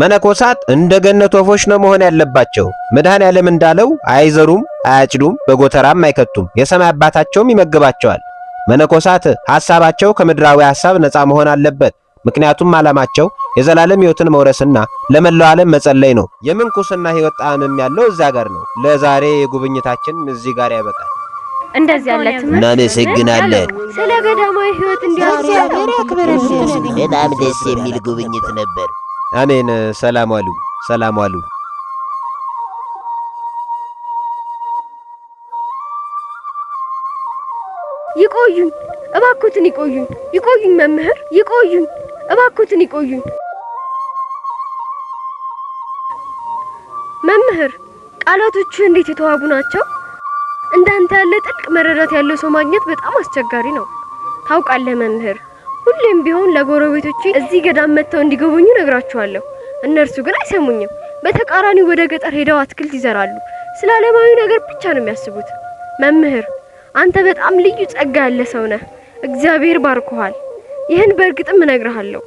መነኮሳት እንደ ገነት ወፎች ነው መሆን ያለባቸው። መድኃኔ ዓለም እንዳለው አይዘሩም፣ አያጭዱም፣ በጎተራም አይከቱም፣ የሰማይ አባታቸውም ይመግባቸዋል። መነኮሳት ሐሳባቸው ከምድራዊ ሐሳብ ነፃ መሆን አለበት። ምክንያቱም ዓላማቸው የዘላለም ሕይወትን መውረስና ለመላው ዓለም መጸለይ ነው። የምንኩስና ሕይወት ጣዕምም ያለው እዛ ጋር ነው። ለዛሬ የጉብኝታችን እዚህ ጋር ያበቃል። እንደዚህ ያለ ትምህርት እናመሰግናለን። ስለ ገዳማዊ ሕይወት እንዲያሩ በጣም ደስ የሚል ጉብኝት ነበር። አሜን። ሰላም ዋሉ፣ ሰላም ዋሉ። ይቆዩኝ እባኮትን፣ ይቆዩኝ፣ ይቆዩኝ መምህር፣ ይቆዩኝ እባኮትን፣ ይቆዩኝ መምህር። ቃላቶቹ እንዴት የተዋቡ ናቸው! እንዳንተ ያለ ጥልቅ መረዳት ያለው ሰው ማግኘት በጣም አስቸጋሪ ነው። ታውቃለህ መምህር ሁሌም ቢሆን ለጎረቤቶቼ እዚህ ገዳም መጥተው እንዲጎበኙ ነግራቸዋለሁ። እነርሱ ግን አይሰሙኝም። በተቃራኒ ወደ ገጠር ሄደው አትክልት ይዘራሉ። ስለ ዓለማዊ ነገር ብቻ ነው የሚያስቡት። መምህር፣ አንተ በጣም ልዩ ጸጋ ያለ ሰው ነህ። እግዚአብሔር ባርኮሃል። ይህን በእርግጥም እነግርሃለሁ።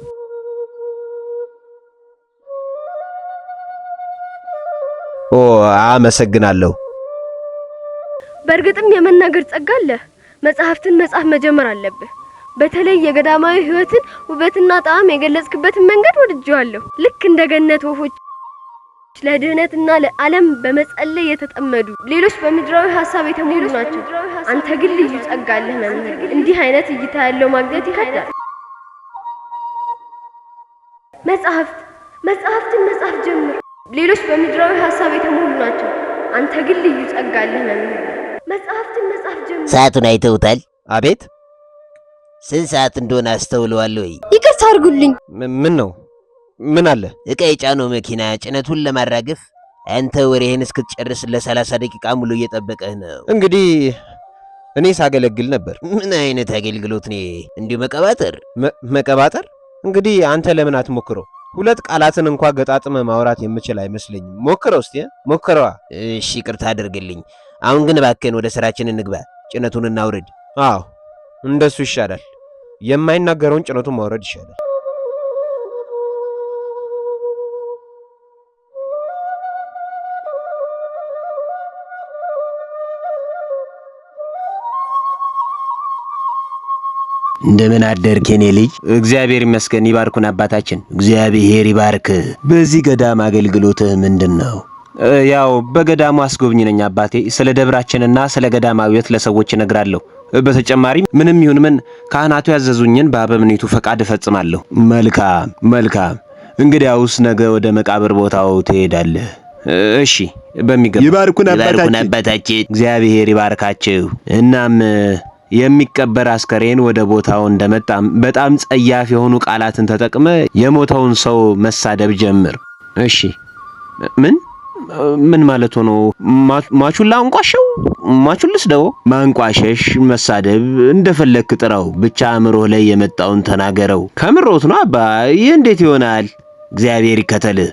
ኦ አመሰግናለሁ። በእርግጥም የመናገር ጸጋ አለህ። መጽሐፍትን መጽሐፍ መጀመር አለብህ። በተለይ የገዳማዊ ህይወትን ውበትና ጣዕም የገለጽክበትን መንገድ ወድጄዋለሁ። ልክ እንደ ገነት ወፎች ለድህነትና ለዓለም በመጸለይ የተጠመዱ ሌሎች በምድራዊ ሀሳብ የተሞሉ ናቸው። አንተ ግን ልዩ ጸጋ አለህ መምህር። እንዲህ አይነት እይታ ያለው ማግኘት ይከብዳል። መጽሐፍት መጽሐፍትን መጽሐፍ ጀምር። ሌሎች በምድራዊ ሀሳብ የተሞሉ ናቸው። አንተ ግን ልዩ ጸጋ አለህ መምህር። መጽሐፍትን መጽሐፍ ጀምር። ሰዓቱን አይተውታል። አቤት ስንት ሰዓት እንደሆነ አስተውለዋለሁ። ይቅርታ አድርጉልኝ። ምን ነው? ምን አለ? እቃ የጫነው መኪና ጭነቱን ለማራገፍ አንተ ወሬህን እስክትጨርስ ለሰላሳ ደቂቃ ሙሉ እየጠበቀህ ነው። እንግዲህ እኔ ሳገለግል ነበር። ምን አይነት አገልግሎት ነው? እንዲሁ መቀባጠር መቀባጠር። እንግዲህ አንተ ለምን አትሞክረው? ሁለት ቃላትን እንኳ ገጣጥመ ማውራት የምችል አይመስለኝም። ሞክረው እስቲ ሞክረዋ። እሺ ይቅርታ አድርግልኝ። አሁን ግን እባክህን ወደ ስራችን እንግባ። ጭነቱን እናውርድ። አዎ እንደሱ ይሻላል። የማይናገረውን ጭነቱን ማውረድ ይሻላል። እንደምን አደርክ የኔ ልጅ? እግዚአብሔር ይመስገን። ይባርኩን አባታችን። እግዚአብሔር ይባርክ። በዚህ ገዳም አገልግሎትህ ምንድን ነው? ያው በገዳሙ አስጎብኝ ነኝ አባቴ። ስለ ደብራችንና ስለ ገዳማዊት ለሰዎች እነግራለሁ። በተጨማሪም ምንም ይሁን ምን ካህናቱ ያዘዙኝን በአበምኔቱ ፈቃድ እፈጽማለሁ። መልካም መልካም። እንግዲያውስ ነገ ወደ መቃብር ቦታው ትሄዳለህ። እሺ በሚገባ ይባርኩን አባታችን። እግዚአብሔር ይባርካችሁ። እናም የሚቀበር አስከሬን ወደ ቦታው እንደመጣም በጣም ጸያፍ የሆኑ ቃላትን ተጠቅመ የሞተውን ሰው መሳደብ ጀምር። እሺ ምን ምን ማለት ሆኖ ማቹላ አንቋሸው ማቹልስ ደው ማንቋሸሽ፣ መሳደብ እንደፈለክ ጥራው፣ ብቻ አእምሮህ ላይ የመጣውን ተናገረው። ከምሮት ነው አባ፣ ይህ እንዴት ይሆናል? እግዚአብሔር ይከተልህ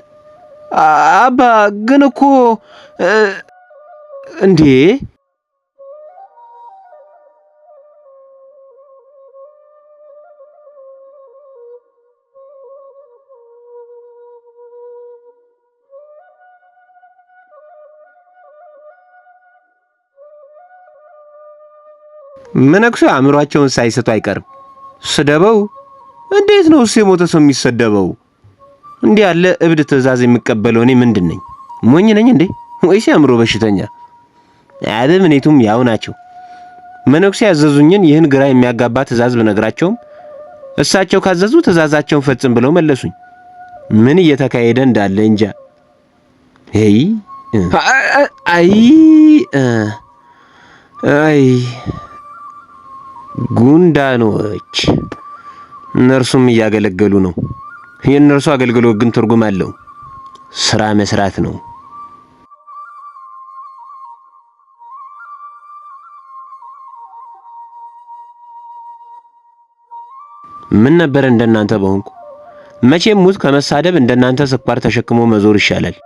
አባ። ግን እኮ እንዴ መነኩሴ አእምሯቸውን ሳይሰጡ አይቀርም። ስደበው፣ እንዴት ነው እሱ የሞተ ሰው የሚሰደበው? እንዲህ ያለ እብድ ትእዛዝ የሚቀበለው እኔ ምንድን ነኝ? ሞኝ ነኝ እንዴ? ወይስ አእምሮ በሽተኛ? አብም እኔቱም ያው ናቸው። መነኩሴ ያዘዙኝን ይህን ግራ የሚያጋባ ትእዛዝ ብነግራቸውም እሳቸው ካዘዙ ትእዛዛቸውን ፈጽም ብለው መለሱኝ። ምን እየተካሄደ እንዳለ እንጃ። አይ አይ ጉንዳኖች እነርሱም እያገለገሉ ነው። የእነርሱ አገልግሎት ግን ትርጉም አለው። ስራ መስራት ነው። ምን ነበር እንደናንተ በሆንኩ። መቼም ሙት ከመሳደብ እንደናንተ ስኳር ተሸክሞ መዞር ይሻላል።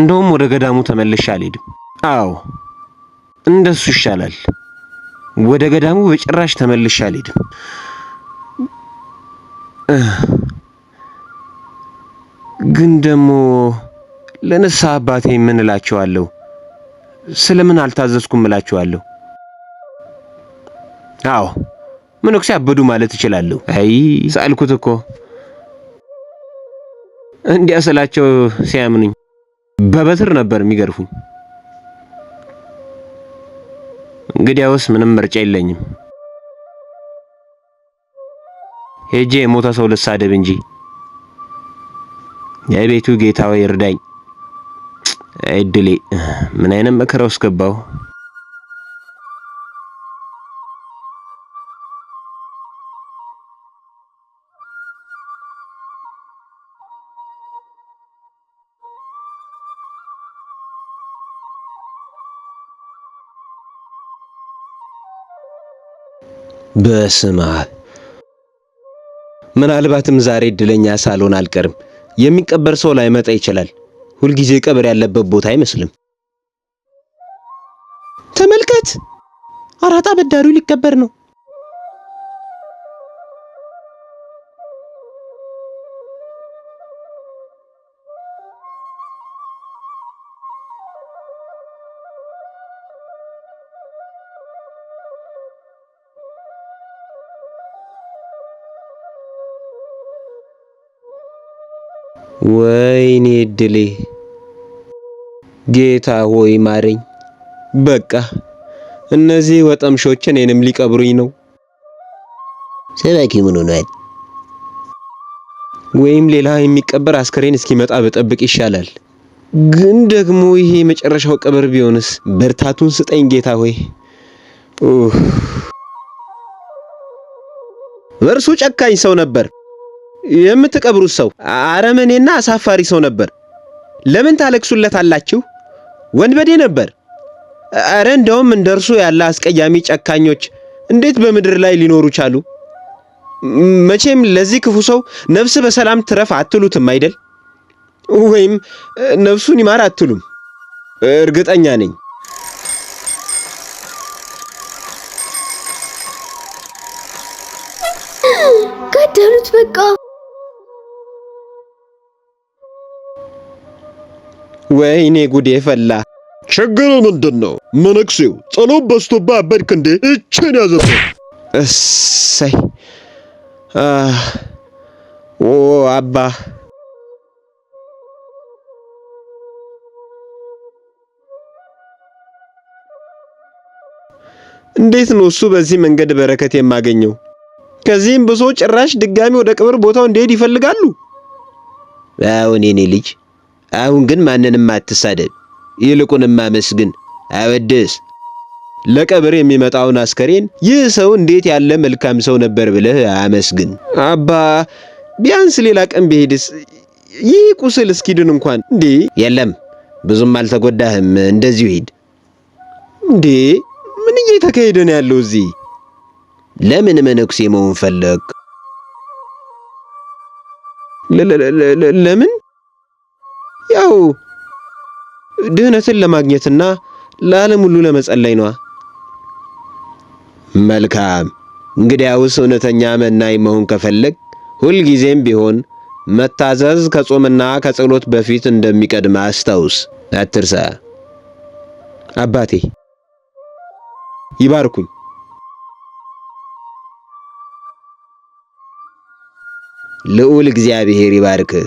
እንደውም ወደ ገዳሙ ተመልሼ አልሄድም። አዎ እንደሱ ይሻላል። ወደ ገዳሙ በጭራሽ ተመልሼ አልሄድም። ግን ደግሞ ለንስሐ አባቴ ምን እላቸዋለሁ? ስለምን አልታዘዝኩም እላቸዋለሁ? አዎ መነኩሴ አበዱ ማለት እችላለሁ። አይ ሳልኩት እኮ እንዲያ ስላቸው ሲያምኑኝ በበትር ነበር የሚገርፉኝ። እንግዲያውስ ምንም ምርጫ የለኝም። ሄጄ የሞተ ሰው ልሳደብ እንጂ የቤቱ ጌታ ወይ እርዳኝ። እድሌ ምን አይነት መከራ ውስጥ ገባሁ። በስመ አብ። ምናልባትም ዛሬ እድለኛ ሳልሆን አልቀርም። የሚቀበር ሰው ላይመጣ ይችላል። ሁልጊዜ ቀብር ያለበት ቦታ አይመስልም። ተመልከት፣ አራጣ በዳሪው ሊቀበር ነው። ወይኔ እድሌ! ጌታ ሆይ ማረኝ። በቃ እነዚህ ወጠምሾች እኔንም ሊቀብሩኝ ነው። ሰባኪ ምን ሆኗል? ወይም ሌላ የሚቀበር አስከሬን እስኪመጣ በጠብቅ ይሻላል። ግን ደግሞ ይሄ የመጨረሻው ቀብር ቢሆንስ? በርታቱን ስጠኝ ጌታ ሆይ። እርሱ ጨካኝ ሰው ነበር። የምትቀብሩት ሰው አረመኔና አሳፋሪ ሰው ነበር። ለምን አላችሁ? ወንበዴ ነበር። አረ እንደውም እንደርሱ ያለ አስቀያሚ ጨካኞች እንዴት በምድር ላይ ሊኖሩ ቻሉ? መቼም ለዚህ ክፉ ሰው ነፍስ በሰላም ትረፍ አትሉትም አይደል? ወይም ነፍሱን ይማር አትሉም? እርግጠኛ ነኝ ወይኔ ጉዴ ፈላ። ችግር ምንድን ነው? መነኩሴው ጸሎት በስቶባ አበድክ እንዴ? እችን ያዘበ እሰይ ኦ አባ እንዴት ነው እሱ በዚህ መንገድ በረከት የማገኘው? ከዚህም ብሶ ጭራሽ ድጋሚ ወደ ቅብር ቦታው እንዲሄድ ይፈልጋሉ። አዎ እኔ ልጅ አሁን ግን ማንንም አትሳደብ፣ ይልቁንም አመስግን፣ አወድስ። ለቀብር የሚመጣውን አስከሬን ይህ ሰው እንዴት ያለ መልካም ሰው ነበር ብለህ አመስግን። አባ ቢያንስ ሌላ ቀን ቢሄድስ? ይህ ቁስል እስኪድን እንኳን። እንዴ የለም፣ ብዙም አልተጎዳህም፣ እንደዚሁ ሂድ። እንዴ ምን እየተካሄደ ነው ያለው እዚህ? ለምን መነኩሴ መሆን ፈለግ? ለምን ያው ድህነትን ለማግኘትና ለዓለም ሁሉ ለመጸለይ ነዋ። መልካም እንግዲያውስ እውነተኛ መናኝ መሆን ከፈለግ ሁልጊዜም ቢሆን መታዘዝ ከጾምና ከጸሎት በፊት እንደሚቀድም አስታውስ፣ አትርሳ። አባቴ ይባርኩኝ። ልዑል እግዚአብሔር ይባርክህ።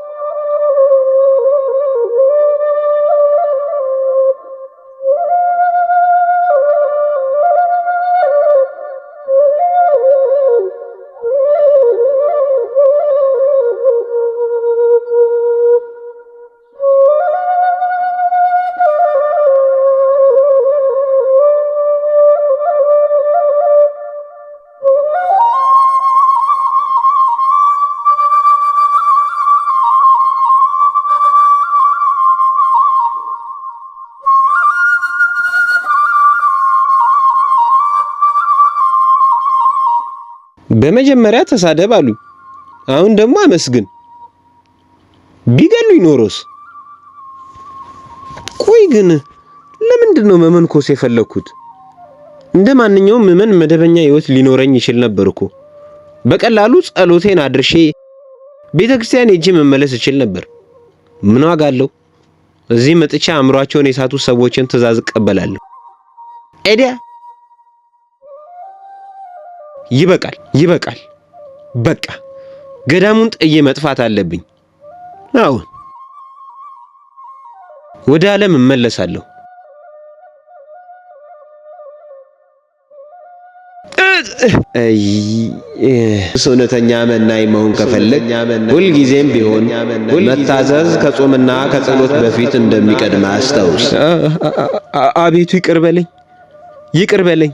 በመጀመሪያ ተሳደብ አሉኝ። አሁን ደግሞ አመስግን። ቢገሉኝ ኖሮስ? ቆይ ግን ለምንድን ነው መመንኮስ የፈለግኩት? እንደ ማንኛውም ምዕመን መደበኛ ህይወት ሊኖረኝ ይችል ነበር እኮ። በቀላሉ ጸሎቴን አድርሼ ቤተ ክርስቲያን ሄጄ መመለስ እችል ነበር። ምን ዋጋ አለው? እዚህ መጥቻ አእምሯቸውን የሳቱ ሰዎችን ትእዛዝ እቀበላለሁ። ኤዲያ ይበቃል፣ ይበቃል፣ በቃ ገዳሙን ጥዬ መጥፋት አለብኝ። አሁን ወደ ዓለም እመለሳለሁ። እውነተኛ መናኝ መሆን ከፈለግ ሁልጊዜም ቢሆን መታዘዝ ከጾምና ከጸሎት በፊት እንደሚቀድም አስታውስ። አቤቱ ይቅር በለኝ፣ ይቅር በለኝ።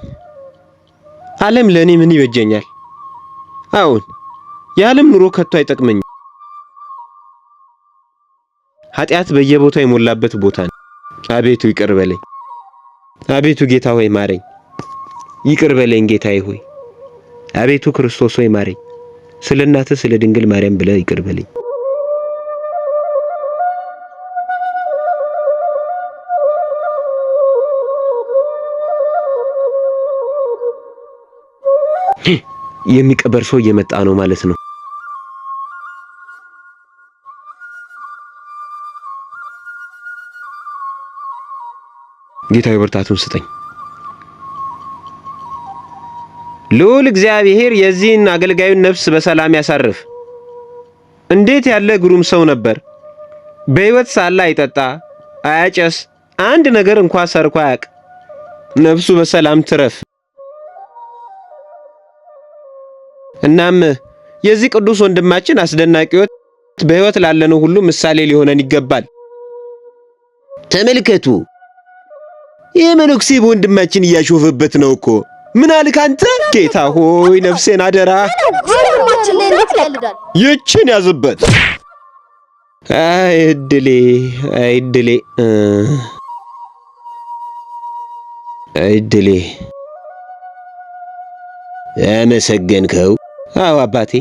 ዓለም ለእኔ ምን ይበጀኛል? አዎን የዓለም ኑሮ ከቶ አይጠቅመኝ። ኃጢአት በየቦታው የሞላበት ቦታ ነው። አቤቱ ይቅር በለኝ። አቤቱ ጌታ ሆይ ማረኝ። ይቅር በለኝ ጌታዬ ሆይ። አቤቱ ክርስቶስ ሆይ ማረኝ። ስለ እናትህ ስለ ድንግል ማርያም ብለህ ይቅር በለኝ። የሚቀበር ሰው እየመጣ ነው ማለት ነው። ጌታዊ ብርታቱን ስጠኝ። ልዑል እግዚአብሔር የዚህን አገልጋዩን ነፍስ በሰላም ያሳርፍ። እንዴት ያለ ግሩም ሰው ነበር! በሕይወት ሳለ አይጠጣ፣ አያጨስ፣ አንድ ነገር እንኳ ሰርኮ አያውቅ። ነፍሱ በሰላም ትረፍ። እናም የዚህ ቅዱስ ወንድማችን አስደናቂ ሕይወት በሕይወት ላለነው ሁሉ ምሳሌ ሊሆነን ይገባል። ተመልከቱ፣ ይህ መነኩሴ በወንድማችን እያሾፈበት ነው እኮ። ምን አልክ አንተ? ጌታ ሆይ ነፍሴን አደራ። ይችን ያዝበት። አይ እድሌ፣ አይ እድሌ፣ አይ እድሌ። አመሰገንከው። አዎ አባቴ፣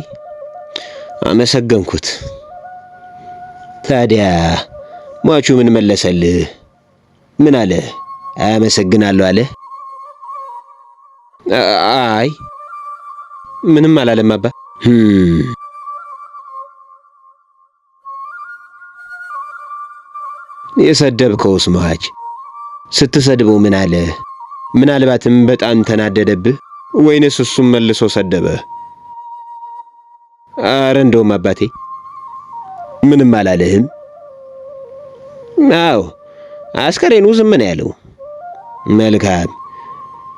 አመሰገንኩት። ታዲያ ሟቹ ምን መለሰልህ? ምን አለ? አመሰግናለሁ አለ? አይ ምንም አላለም አባ። የሰደብከውስ ሟች ስትሰድበው ምን አለ? ምናልባትም በጣም ተናደደብህ ወይንስ እሱም መልሶ ሰደበህ? አረ እንደውም አባቴ ምንም አላለህም። አዎ አስከሬኑ ዝም ነው ያለው። መልካም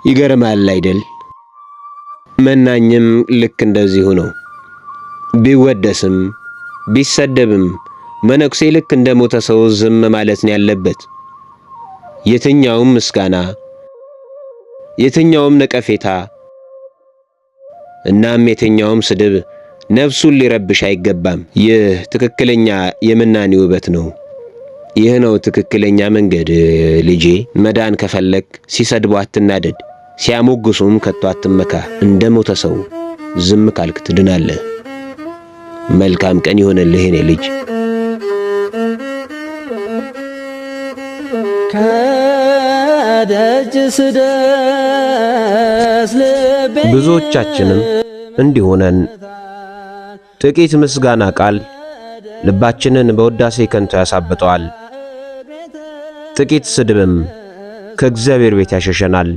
ይገርማል አይደል? መናኝም ልክ እንደዚሁ ነው። ቢወደስም ቢሰደብም መነኩሴ ልክ እንደ ሞተ ሰው ዝም ማለት ነው ያለበት። የትኛውም ምስጋና፣ የትኛውም ነቀፌታ እናም የትኛውም ስድብ ነፍሱን ሊረብሽ አይገባም። ይህ ትክክለኛ የምናኔ ውበት ነው። ይህ ነው ትክክለኛ መንገድ ልጄ። መዳን ከፈለግ ሲሰድቡ አትናደድ፣ ሲያሞግሱም ከቶ አትመካ። እንደ ሞተ ሰው ዝም ካልክ ትድናለህ። መልካም ቀን ይሆንልህ የኔ ልጅ። ብዙዎቻችንም እንዲሆነን ጥቂት ምስጋና ቃል ልባችንን በውዳሴ ከንቱ ያሳብጠዋል። ጥቂት ስድብም ከእግዚአብሔር ቤት ያሸሸናል።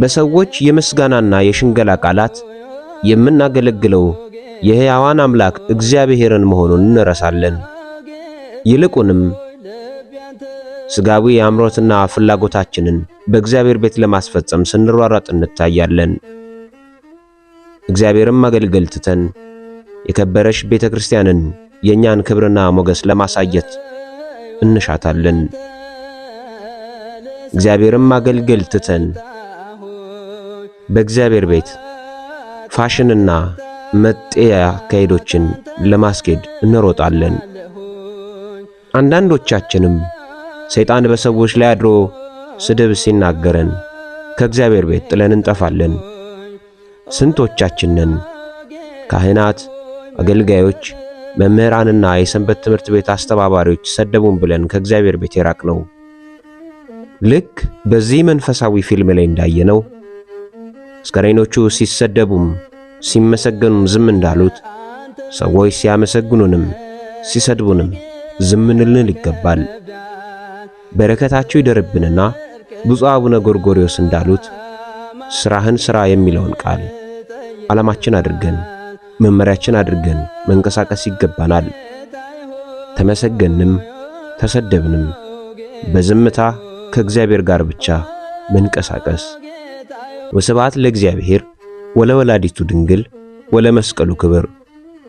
በሰዎች የምስጋናና የሽንገላ ቃላት የምናገለግለው የሕያዋን አምላክ እግዚአብሔርን መሆኑን እንረሳለን። ይልቁንም ሥጋዊ አምሮትና ፍላጎታችንን በእግዚአብሔር ቤት ለማስፈጸም ስንሯሯጥ እንታያለን። እግዚአብሔርም ማገልገል ትተን የከበረሽ ቤተ ክርስቲያንን የእኛን ክብርና ሞገስ ለማሳየት እንሻታለን። እግዚአብሔርም ማገልገል ትተን በእግዚአብሔር ቤት ፋሽንና መጤ አካሄዶችን ለማስኬድ እንሮጣለን። አንዳንዶቻችንም ሰይጣን በሰዎች ላይ አድሮ ስድብ ሲናገረን ከእግዚአብሔር ቤት ጥለን እንጠፋለን። ስንቶቻችንን ካህናት፣ አገልጋዮች፣ መምህራንና የሰንበት ትምህርት ቤት አስተባባሪዎች ሰደቡን ብለን ከእግዚአብሔር ቤት የራቅ ነው። ልክ በዚህ መንፈሳዊ ፊልም ላይ እንዳየነው አስከሬኖቹ ሲሰደቡም ሲመሰገኑም ዝም እንዳሉት ሰዎች ሲያመሰግኑንም ሲሰድቡንም ዝም እንልንል ይገባል። በረከታቸው ይደርብንና ብፁዕ አቡነ ጎርጎሪዎስ እንዳሉት ሥራህን ሥራ የሚለውን ቃል ዓላማችን አድርገን መመሪያችን አድርገን መንቀሳቀስ ይገባናል። ተመሰገንም ተሰደብንም በዝምታ ከእግዚአብሔር ጋር ብቻ መንቀሳቀስ። ወስብሐት ለእግዚአብሔር ወለወላዲቱ ድንግል ወለመስቀሉ ክብር